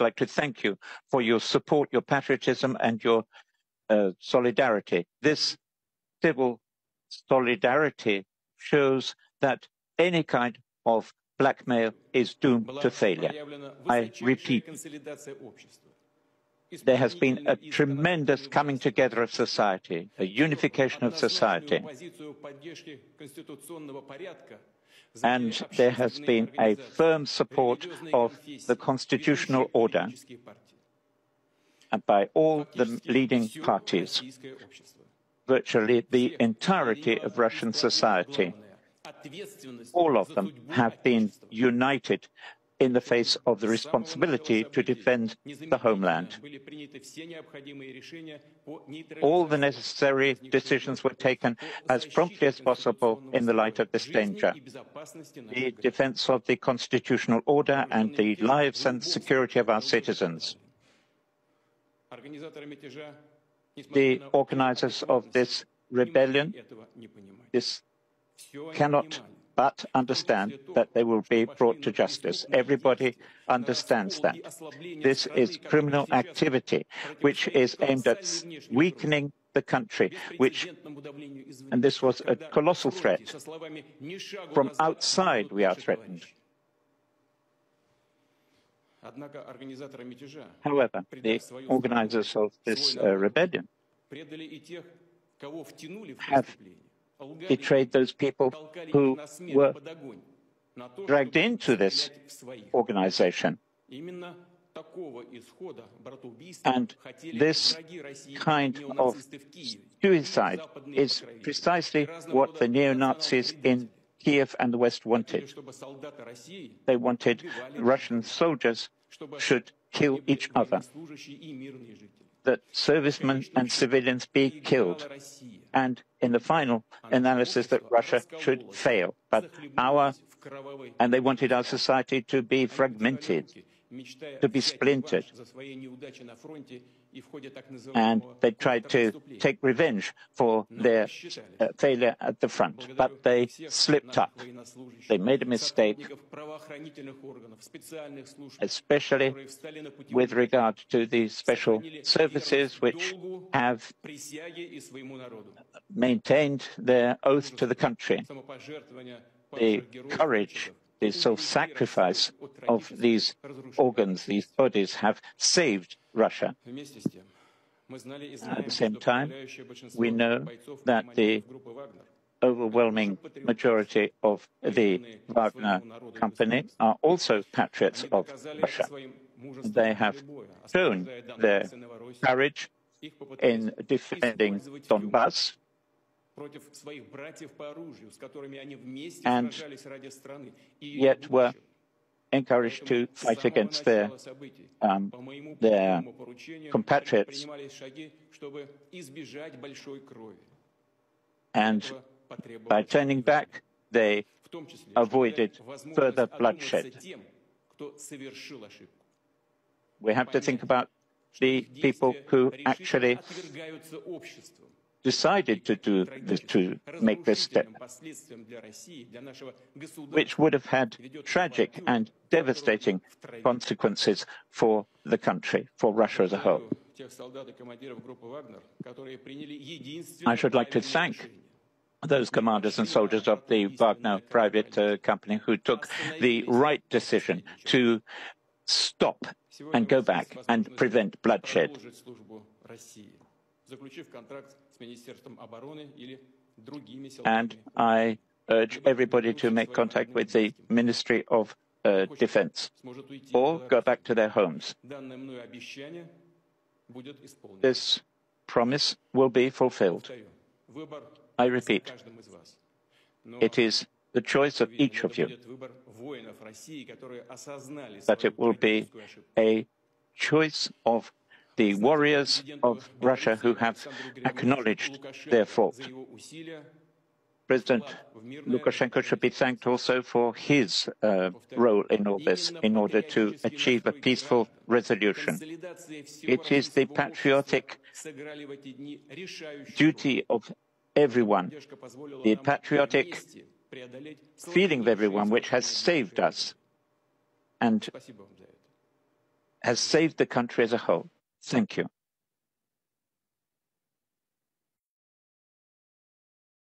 like to thank you for your support, your patriotism, and your uh, solidarity. This civil solidarity shows that any kind of blackmail is doomed to failure. I repeat, there has been a tremendous coming together of society, a unification of society and there has been a firm support of the constitutional order by all the leading parties, virtually the entirety of Russian society. All of them have been united in the face of the responsibility to defend the homeland. All the necessary decisions were taken as promptly as possible in the light of this danger. The defense of the constitutional order and the lives and security of our citizens. The organizers of this rebellion this cannot but understand that they will be brought to justice. Everybody understands that. This is criminal activity which is aimed at weakening the country, which, and this was a colossal threat. From outside, we are threatened. However, the organizers of this uh, rebellion have betrayed those people who were dragged into this organization. And this kind of suicide is precisely what the neo Nazis in Kiev and the West wanted. They wanted Russian soldiers should kill each other, that servicemen and civilians be killed and in the final analysis that Russia should fail. But our, and they wanted our society to be fragmented, to be splintered and they tried to take revenge for their uh, failure at the front, but they slipped up. They made a mistake, especially with regard to the special services which have maintained their oath to the country. The courage the self sacrifice of these organs, these bodies, have saved Russia. At the same time, we know that the overwhelming majority of the Wagner company are also patriots of Russia. They have shown their courage in defending Donbass and yet were encouraged to fight against their, um, their compatriots. And by turning back, they avoided further bloodshed. We have to think about the people who actually decided to do to make this step, which would have had tragic and devastating consequences for the country, for Russia as a whole. I should like to thank those commanders and soldiers of the Wagner private uh, company who took the right decision to stop and go back and prevent bloodshed. And I urge everybody to make contact with the Ministry of uh, Defense or go back to their homes. This promise will be fulfilled. I repeat, it is the choice of each of you, but it will be a choice of the warriors of Russia who have acknowledged their fault. President Lukashenko should be thanked also for his uh, role in all this in order to achieve a peaceful resolution. It is the patriotic duty of everyone, the patriotic feeling of everyone which has saved us and has saved the country as a whole. Thank you.